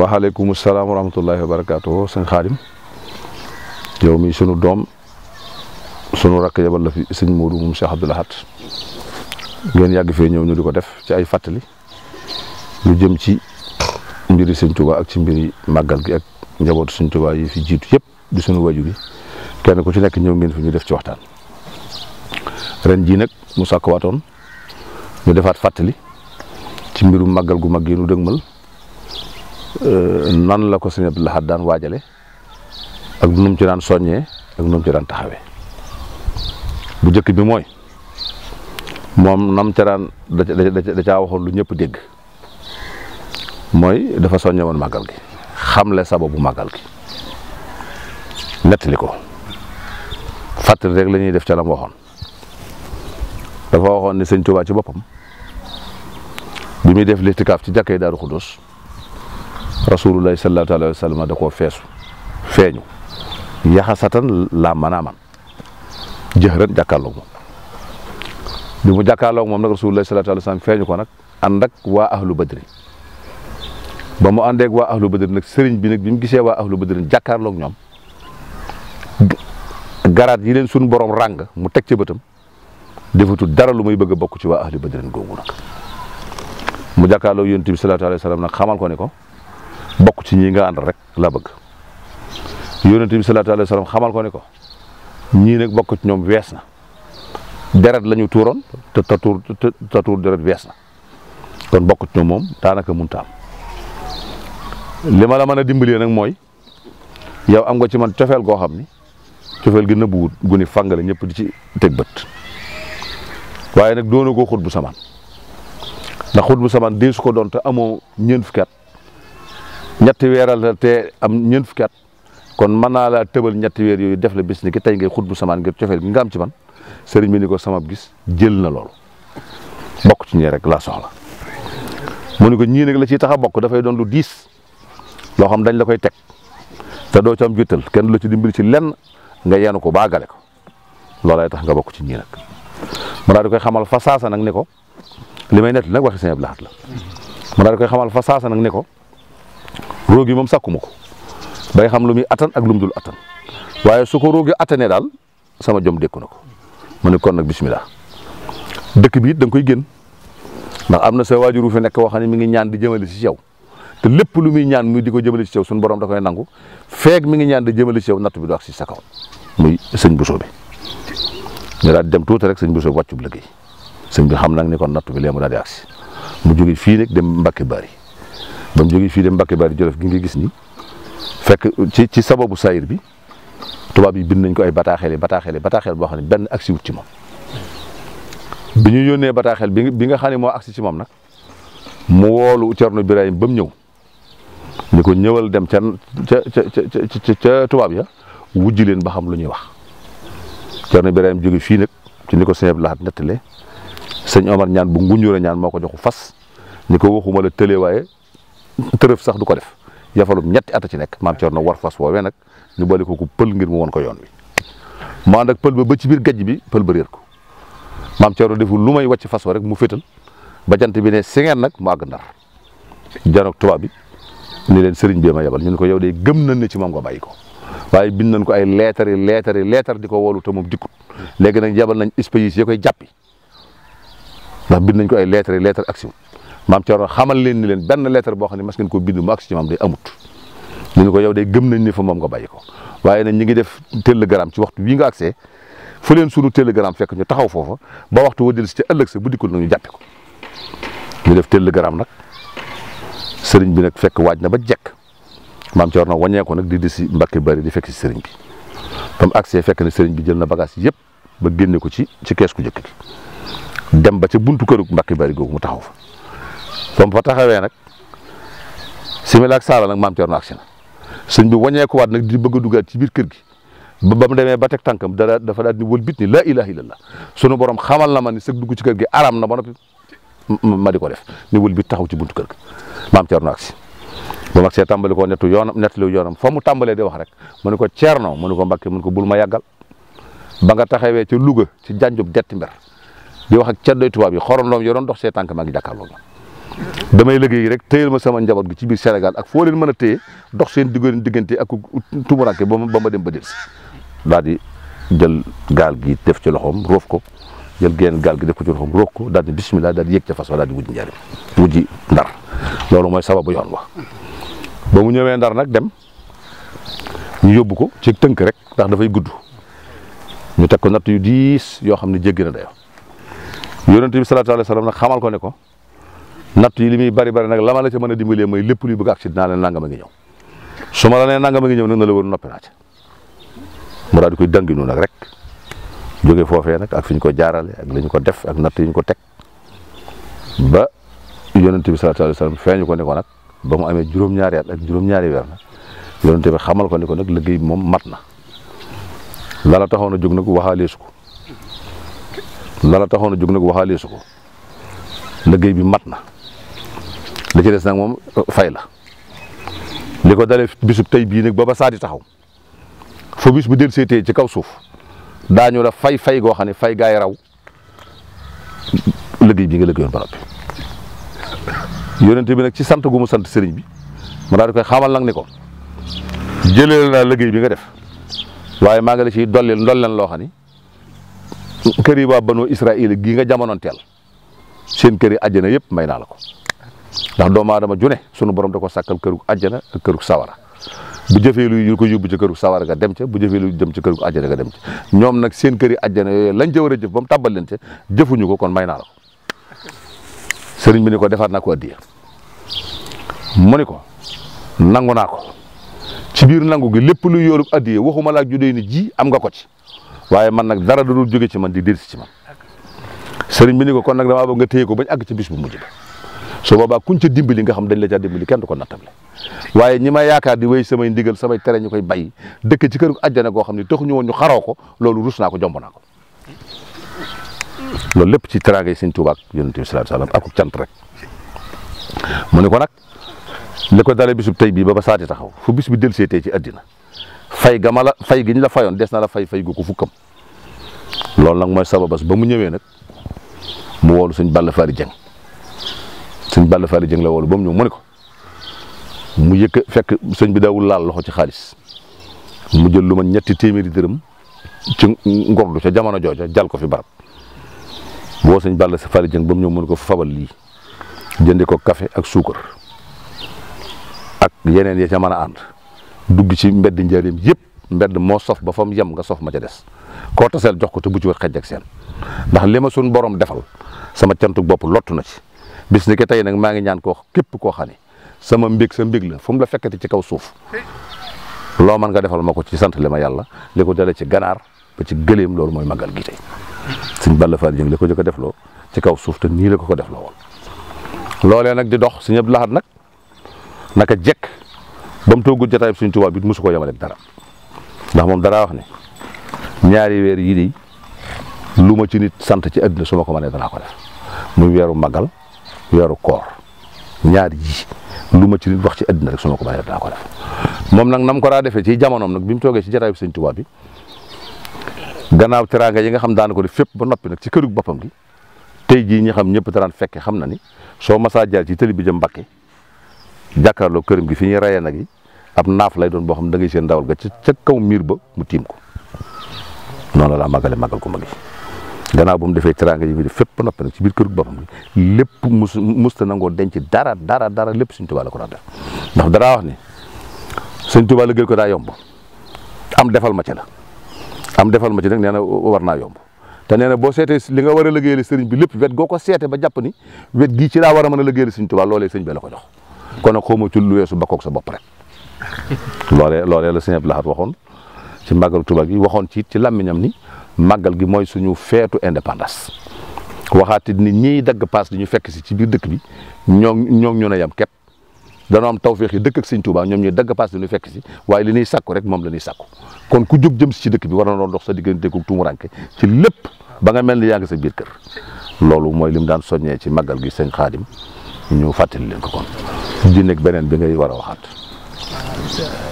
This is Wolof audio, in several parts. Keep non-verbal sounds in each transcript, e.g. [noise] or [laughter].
wa waaleykum salaam wa rahmatullahi wa barakatuh sëñ khadim yow mi sunu dom sunu rakk yabal la fi sëñ Modou moom Cheikh Abdou Lahad ngeen yàgg fee ñëw ñu di def ci ay fàttali lu jëm ci mbiri sëñ Touba ak ci mbiri màggal gi ak njabot sëñ Touba yi fi jitu yep di sunu waju gi kenn ku ci ngeen fi def ci ren jii nag mu sàkkuwaatoon ñu defaat fàttali ci gu mag yi Euh, nan la ko sëñ Abdou Lahad daan waajale ak nu mu ci daan soññee ak nu mu ci daan taxawe bu njëkk bi mooy moom nam ca daan da caa waxoon lu ñëpp dégg mooy dafa soññe woon màggal gi xam xamle sababu màggal gi nettali ko fàttali rek lañuy def ca la mu waxoon dafa waxoon ni sëñ ci boppam bi muy def litikaaf ci yi Daaru Xudus rasulullahi sallallahu alayhi wa feeñu yaxasatan laam manaaman jëxëran jàkkaarloog moom bi mu jàkkaarloog moom nag rasulullahi sallallahu alayhi feeñu ko nag ànd waa ahlu badri ba mu àndeeg waa ahlu badri nag sëriñ bi nag bi mu gisee waa ahlu badri jàkkaarloog ñoom garaat yi leen suñu borom ràng mu teg ci bëtam defatul dara lu muy bëgg a bokk ci waa ahlu badrin googu nag mu jàkkaarloog yonent bi nag xamal ko ne ko bokk ci ñi nga àndal rek la bëgg yonente bi salaatu alayhi wa xamal ko ne ko ñii nag bokk ci ñoom wees na deret lañu ñu tuuroon te ta tuur ta tuur deret wees na kon bokk ñoom moom daanaka mënut a am li la mën a dimbalee nag mooy yow am nga ci man cofeel goo xam ni cofeel gi nëbbuwut gu ni fàngale ñëpp di ci teg bët waaye nag doona koo xut bu samaan ndax xut bu samaan dee su ko doon te amoo ñeent fukki at ñetti weeral la te am ñeent fukki at kon mën naa laa tëbal ñetti weer yooyu def la bis ni ki tey ngay xut bu samaan ngir cofeel bi nga am ci man sëriñ bi ko samab gis jël na loolu bokk ci ñi rek laa soxla mu ni ko ñii nag la ciy tax a bokk dafay doon lu diis loo xam dañ la koy teg te doo ci am kenn la ci dimbali ci lenn nga yenu ko baagale ko loolay tax nga bokk ci ñii nag mu daal koy xamal fa saasa nag ne ko li may nett nag waxi sëñ Abdou Lahad la mu daal koy xamal fa saasa nag ne ko roog yi moom sàkkuma ko bay xam lu muy attan ak lu mu dul attan waaye su ko roogee attanee daal sama jom dekku na ko ma ne nag bismillah dëkk bi it koy génn ndax am na sa waajuru fi nekk wax ne mi ngi ñaan di jëmale si yow te lépp lu muy ñaan muy di ko jëmale si suñu borom da koy nangu feeg mi ngi ñaan di jëmale si yow bi du ak si sa kaw muy sëñ Bousso bi ñu daal dem tuuti rek sëñ Bousso bi wàccu liggéey sëñ bi xam nag ni kon natt bi lee mu daal di agsi mu jóge fii nag dem Mbacke Bari ba mu jógee fii dem Mbacke Bari Jolof gi nga gis ni fekk ci ci sababu sayir bi tubaab yi bind nañ ko ay bataaxel yi bataaxel boo xam ne benn agsi wut ci moom. bi ñu yónnee bataaxel bi bi nga xam ne moo agsi ci moom nag mu woolu Cerno Birahim ba mu ñëw ni ko ñëwal dem ca ca ca ca tubaab ya wujj leen ba xam lu ñuy wax. Cerno Birahim jóge fii nag ci ni ko sëñ Abdou Lahad nettalee sëñ Omar ñaan bu nguñu ñaan moo ko joxu fas ni ko waxuma la tëlee waaye tërëf sax du ko def yafalum ñetti at ci nekk maam Thierno war fas woowee nag ñu boole ko ku pël ngir mu woon ko yoon wi maa nag pël ba ba ci biir gajj bi pël ba réer ko maam Thierno deful lu may wàcc fas wa rek mu fétal ba jant bi ne singeen nag mu àgg ndar janoog tubaab bi ni leen sëriñ bi ma yabal ñu ne ko yow de gëm nañ ne ci moom ba bàyyi ko waaye bin nañ ko ay leetar yi leetar yi leetar di ko wolu te moom dikkut léegi nag yabal nañ espèces ya koy jàppi bind nañ ko ay leetar ak maam Thierno xamal leen ni leen benn lettre boo xam ne mas ngeen ko bindu mu agsi ci maam day amut ñu ne ko yow day gëm nañ ni fa moom nga bàyyi ko waaye nag ñi ngi def télégramme ci waxtu bii nga agsee fu leen sunu télégramme fekk ñu taxaw foofa ba waxtu wa del si ca ëllëg sa bu dikkul nag ñu jàppe ko ñu def télégramme nag sëriñ bi nag fekk waaj na ba jekk maam Thierno wàññeeku nag di di si Mbàkke Bari di fekk si sëriñ bi ba mu fekk na sëriñ bi jël na bagage yëpp ba génne ko ci ci kees ku njëkk dem ba ca buntu këru Mbàkke Bari googu mu taxaw fa ba mu fa taxawee nag simila ak saala nag maam Thierno agsi na sëñ bi wàññeekuwaat nag di bëgg a duggaat ci biir kër gi ba ba demee ba teg tànkam da dafa daal di wëlbit ni laa ilaaha illallah sunu borom xamal na ma ni sëg dugg ci kër gi aram na ba noppi ma di ko def ni wëlbit taxaw ci buntu kër gi maam Thierno agsi ba mag see tàmbali koo nettu yoonam nettali yoonam fa mu tàmbalee di wax rek mu ne ko Thierno mu ne ko Mbacke mu ko bul ma yàggal ba nga taxawee ca Louga ci janjub detti mber di wax ak caddoy tubaab yi xorondoom yi doon see tànk maa ngi jàkkaarloo damay liggéey rek téyel ma sama njaboot gi ci biir Sénégal ak foo leen mën a téye dox seen diggante ak tumuraanke ba ma dem ba delsi daal di jël gaal gi def ci loxoom roof ko jël geneen gaal gi def ko ci loxoom roof ko daal di bismillah daal di yéeg ca fas wa daal ndar loolu mooy bu yoon wa ba mu ñëwee ndar nag dem ñu yóbbu ko ci tënk rek ndax dafay gudd ñu teg ko natt yu diis yoo xam ne jéggi na dayo yonente bi salaatu alayhi salaam nag xamal ko ne ko natt yi li muy bari bari nag la ma la ca mën a dimbalee mooy lépp luy bëgg accident la nangama ngi ñëw su ma la nee nangama ngi ñëw nag na la wër noppi naa ca mu daal di koy danginu nag rek jóge foofee nag ak fi ñu ko jaarale ak li ñu ko def ak natt yi ñu ko teg ba yonent bi sallallahu alayhi wasallam feeñu ko ne ko nag ba mu amee juróom-ñaari at ak juróom-ñaari weer nag yonent bi xamal ko ne ko nag liggéey bi moom mat na lala taxoon a jóg nag waxaaleesu ko lala taxoon a jóg nag waxaaleesu ko liggéey bi mat na li ci des nag moom fay la li ko dalee tey bii nag ba ba saa taxaw fo bis bu del seetee ci kaw suuf daañu la fay fay goo xam ne fay gaay raw liggéey bi nga liggéeyoon ba noppi yonente bi nag ci sant gu mu sant sëriñ bi ma daal di koy xamal nag ni ko jëlee naa liggéey bi nga def waaye maa ngi la ciy dolli ndolleen loo xam ni kër yi waa banoo Israël gi nga jamonoon teel seen kër yi àjjana yëpp may naa la ko ndax doomu aadama ju ne sunu borom da ko sàkkal kërug àjjana ak kërug sawara bu jëfee lu ko yóbbu ci kërug sawara nga dem ca bu jëfee lu jëm ci kërug àjjana nga dem ca ñoom nag seen këri àjjana yooyu lañ ca a jëf ba mu tàbbal leen ca jëfuñu ko kon may naa la ko sëriñ bi ni ko defaat naa ko addiya mu ko nangu naa ko ci biir nangu gi lépp lu yoolub addiya waxuma laa ju doy ni ji am nga ko ci waaye man nag dara du dul jóge ci man di dir ci man sëriñ ni ko kon nag damaa bëgg nga téye ko bañ àgg ci bis bu mujj su boobaa kuñ ca dimbali nga xam dañ la caa dimbali kenn du ko nattable waaye ñi ma yaakaar di wéy samay ndigal samay tere ñu koy bay dëkk ci kër àjjana goo xam ne taxuñu woon ñu xaroo ko loolu rus naa ko jomb loolu lépp ci teraangay Sëñ ak Yonent bi sallallahu alayhi wasallam ak rek mu ne ko nag li ko dalee bisub tey bii ba ba saati taxaw fu bis bi del seetee ci àddina fay ga ma la fay gi ñu la fayoon des na la fay fay gu ko fukkam loolu nag mooy sababas ba mu ñëwee nag mu woolu Sëñ Balla Fari Jeng sëñ Balla Fally Dieng la woolu ba mu ñëw mu ne ko mu yëkk fekk sëñ bi daawul laal loxo ci xaalis mu jël lu ma ñetti téeméeri dërëm ci ngordu ca jamono jooja jal ko fi barab boo sëñ Balla Fally Dieng ba mu ñëw mu ne ko fabal lii jëndi ko kafe ak suukar ak yeneen ya ca mën a ànd dugg ci mbedd njaareem yëpp mbedd moo sof ba fa mu yem nga sof ma ca des koo taseel jox ko te bu ci wër seen ndax li ma suñ borom defal sama cantuk bopp lottu na ci bis ni ki tey mangi nyan ngi ñaan ko képp koo xam sama mbik sa mbik la fu mu la fekati ci kaw suuf lo man nga defal mako ci sant li yalla liko dalé ci ganaar ba ci gëlem lool moy magal gi tay seigne Balla Fall Dieng liko joko jëkk a ci kaw suuf te ni la ko ko di dox seigne Abdou Lahad nak naka jek bam togu jotaay seigne tubaab bi mosu ko yemale dara ndax mom dara wax ni ñaari wër yi di luma ci nit sant ci aduna suma ko mané dara ko def muy wëru magal weeru koor ñaar yi lu ma ci nit wax ci àddina rek su ma ko bàyyi daa ko def moom nag nam ko daa defee ci jamonoom nag bi mu toogee ci jataayu sëñ Tuubaa bi gannaaw teraanga yinga nga xam daana ko def fépp ba noppi nag ci kërug boppam gi tey jii ñi xam ñëpp daraan fekke xam na ni soo masaa jaar ci tëli bi jëm Mbàkke jàkkaarloo këram gi fi ñuy rayee nag yi ab naaf lay doon boo xam da ngay seen ndawal ga ca ca kaw miir ba mu tiim ko noonu la daa magal màggal ko magi gannaaw ba mu defee teraanga yi mu def fépp noppi nag ci biir kër gu boppam lépp mus musta nangoo denc dara dara dara lépp Sëñ Tuubaa ko daan def ndax daraa wax ni Sëñ Tuubaa la gël ko daa yomb am defal ma ci la am defal ma ci nag nee na war naa yomb te nee na boo seetee li nga war a liggéeyal sëriñ bi lépp wet goo ko seete ba jàpp ni wet gii ci a mën a liggéeyal Sëñ sëñ bi la ko jox kon nag xaw ma ci weesu bakkoog sa bopp rek [laughs] loolee loolee la sëñ waxoon ci màggalu Tuubaa gi waxoon ci ci làmmiñam ni màggal gi mooy suñu feetu indépendance waxaati ni ñuy dagg paas di ñu fekk si ci biir dëkk bi ñoom ñoom ñu ne yam képp danoo am tawféex yi dëkk ak Sëñ ñoom ñu dagg paas di ñu fekk si waaye li ñuy sàkku rek moom la ñuy sàkku kon ku jóg jëm si ci dëkk bi war na doon dox sa diggante ku tumuranke ci lépp ba nga mel ni yaa ngi sa biir kër loolu mooy lim daan soññee ci màggal gi sëñ Xaadim ñu fàttali leen ko kon di nekk beneen bi ngay war a waxaat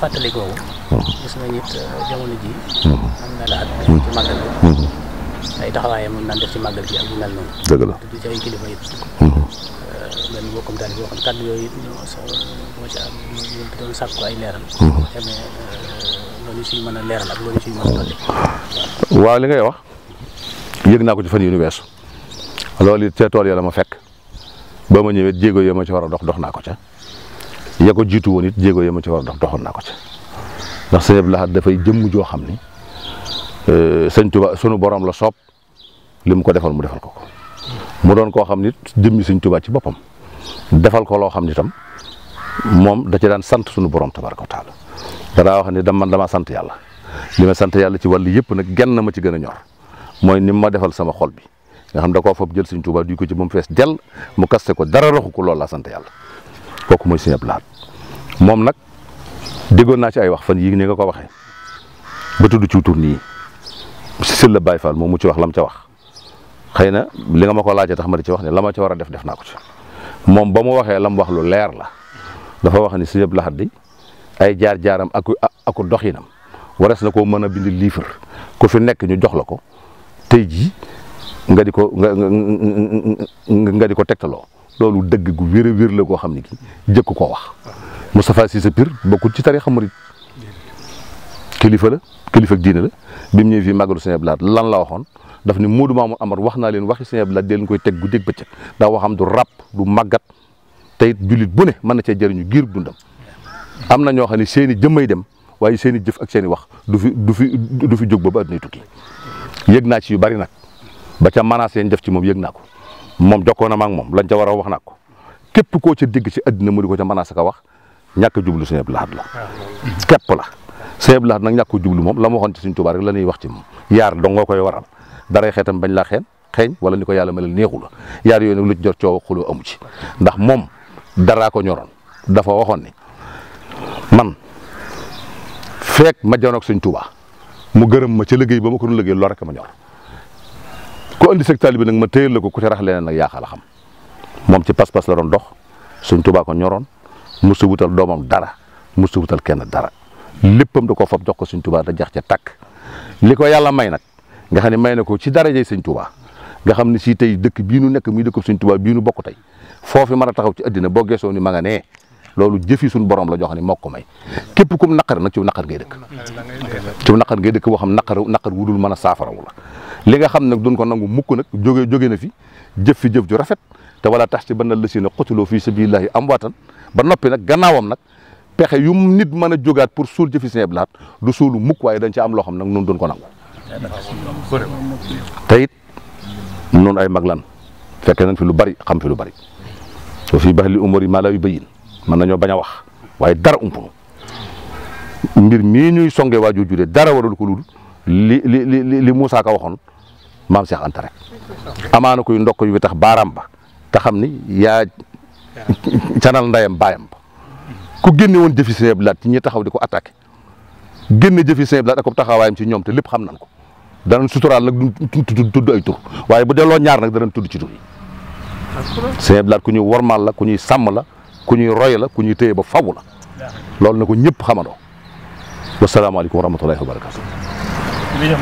fàttali googu. Hmm. gis nañu it euh, jamono ji hmm. am na laat hmm. ci màggal bi. ay taxawaayam mun naan def ci màggal gi ak yu mel noonu. dëgg la tudd ci ay kilifa euh, it. boo xam kàddu yooyu ñoo so moo ci am ñu doon sàkku leeral. xamee suñ euh, mën a leeral ak loolu li ngay wax yëg naa ko ci fan yu ñu weesu loolu it ca tool ya la ma fekk ba ma ñëwee jéego ya ma ci war a dox dox naa ko ca. ya ko jiitu woon it jéego ya ma ci war a dox doxoon naa ko ci ndax sëñ Abdou Lahad dafay jëmm joo xam ni eh, sëñ Tuba sunu borom la soob li mu ko defal mu defal ko ko mu doon koo xam ni jëmmi sëñ Tuba ci boppam defal ko loo xam ni tam moom da daan sant sunu borom tabaraka wa taala danaa wax ni dama man damaa sant yàlla li ma sant yàlla ci wàll yëpp nag genn ma ci gën a ñor mooy ni ma defal sama xol bi nga xam da koo foofu jël sëñ Tuba duy ko ci ba mu fees dell mu kaste ko dara raxu ko loolu laa sant yàlla. kooku mooy si Abdou Lahad moom nag déggoon naa ci ay wax fan yii nga ko waxee ba tudd ci tur nii si la Baye Fall moom mu ci wax lam ca wax xëy na li nga ma ko laajee tax ma di ci wax ne la ma ci war a def def naa ko ci moom ba mu waxee lam wax lu leer la dafa wax ni Sëñ Abdou Lahad di ay jaar-jaaram ak aku doxinam warees na ko mën a bindi liifar ku fi nekk ñu jox la ko tey jii nga di ko nga nga di ko tegtaloo loolu dëgg gu wér a la goo xam ne kii jëkk koo wax Moustapha Cissé Pire bokkul ci tariixa murit kilifa la kilifa ak diine la bi mu ñëwee fii màggalu Sëñ lan la waxoon daf ni Modou Mamour Amar wax naa leen waxi Sëñ Abdou Lahad dee koy teg guddeeg bëccëg daa waxam du ràpp du màggat te it jullit bu ne mën na cee jëriñu giir dundam am na ñoo xam ne seen jëmmay dem waaye seeni jëf ak seeni wax du fi du fi jóg ba ba àdduna tukki yëg naa ci yu bari nag ba ca menace yañ def ci moom yëg naa ko mom joko na ma ak lañ ca wara wax wax kep ko ci dig ci àddina mu di ko ca mën ka wax ñak djublu Sëñ Abdou Lahad la kep la Sëñ Lahad nag ñàkk jublu moom la ci seigne touba rek lañuy wax ci mom yar do nga koy waral dara xetam bañ la xen xen wala niko yalla melal neexu la yaar lu jor ciow xulu amu ci ndax mom dara ko ñoron dafa waxon ni man fek ma jonoog seigne touba mu geureum ma ci liggey bama ko liggey lo rek ma ñor ku andi seg taalibe nag ma téyal la ko ku ci rax leneen nag yaaxal a xam moom ci pas-pas la doon dox suñ tubaa ko ñoroon musu wutal doomam dara mu wutal kenn dara léppam da ko fab jox ko suñ tubaa da jax ca takk li ko yàlla may nag nga xam ne may na ko ci dara suñ tubaa nga xam ne si tey dëkk bii nu nekk muy dëkk suñ tubaa bii nu bokk tey foofu mën a taxaw ci addina boo gesoo ni ma loolu jëfi suñu borom la jox ne moo ko may képp kum naqar nag ci naqar ngay dëkk ci naqar ngay dëkk boo xam naqar naqar wudul mën a saafarawu la li nga xam nag duñ ko nangu mukk nag jóge jóge na fi jëf fi ju rafet te walla tax ci ban la si ne xutiloo fii sabilillahi amwaatan ba noppi nag gannaawam nag pexe yu nit mën a jógaat pour suul jëfi Sëñ Abdou Lahad du suulu mukk waaye dañ ci am loo xam nag nun duñ ko nangu te nun ay mag lan fekke nañ fi lu bari xam fi lu bari soo ba baxli umar yi maa la yu bayin mën nañoo bañ a wax waaye dara umpunu mbir mii ñuy songe waajoo judee dara warul ko ludul li li li li Moussa Ka waxoon maam Cheikh Anta rek amaana kuy ndokk yu bi tax baaraam ba te xam ni yaa [laughs] canal ndayam baayam ba ku génne woon jëfi Sëñ Abdu Lahat taxaw di ko attaqué génne jëfi Sëñ Abdu Lahat ak ko taxawaayam ci ñoom te lépp xam nañ ko danañ suturaal nag duñ tudd ay tur waaye bu delloo ñaar nag danañ tudd ci tur yi Sëñ Abdu Lahat ku ñuy wormaal la ku ñuy sàmm la ku ñuy roy la ku ñuy téye ba fawu la loolu na ko ñëpp xamandoo wasalaamaaleykum wa rahmatullahi wa видим.